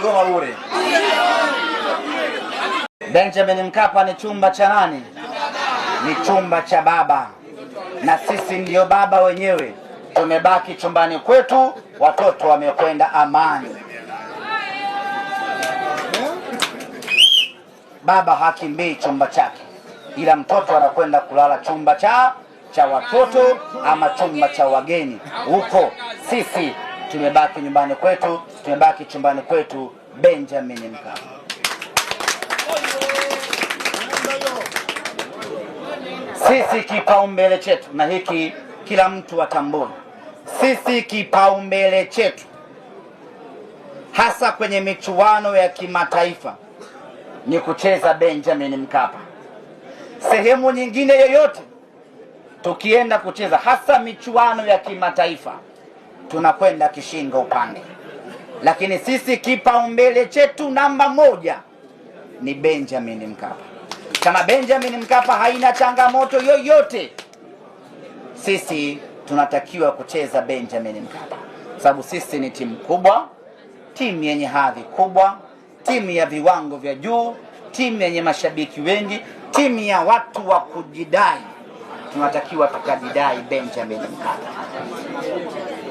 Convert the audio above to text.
Dodoma bure. Benjamin Mkapa ni chumba cha nani? Ni chumba cha baba, na sisi ndio baba wenyewe. Tumebaki chumbani kwetu, watoto wamekwenda amani. Baba hakimbii chumba chake, ila mtoto anakwenda kulala chumba cha cha watoto ama chumba cha wageni huko. Sisi tumebaki nyumbani kwetu, tumebaki chumbani kwetu. Benjamin Mkapa. Sisi kipaumbele chetu, na hiki kila mtu atambue, sisi kipaumbele chetu hasa kwenye michuano ya kimataifa ni kucheza Benjamin Mkapa. Sehemu nyingine yoyote tukienda kucheza, hasa michuano ya kimataifa tunakwenda kishinga upande, lakini sisi kipaumbele chetu namba moja ni Benjamin Mkapa. Kama Benjamin Mkapa haina changamoto yoyote, sisi tunatakiwa kucheza Benjamin Mkapa, sababu sisi ni timu kubwa, timu yenye hadhi kubwa, timu ya viwango vya juu, timu yenye mashabiki wengi, timu ya watu wa kujidai. Tunatakiwa tukajidai Benjamin Mkapa.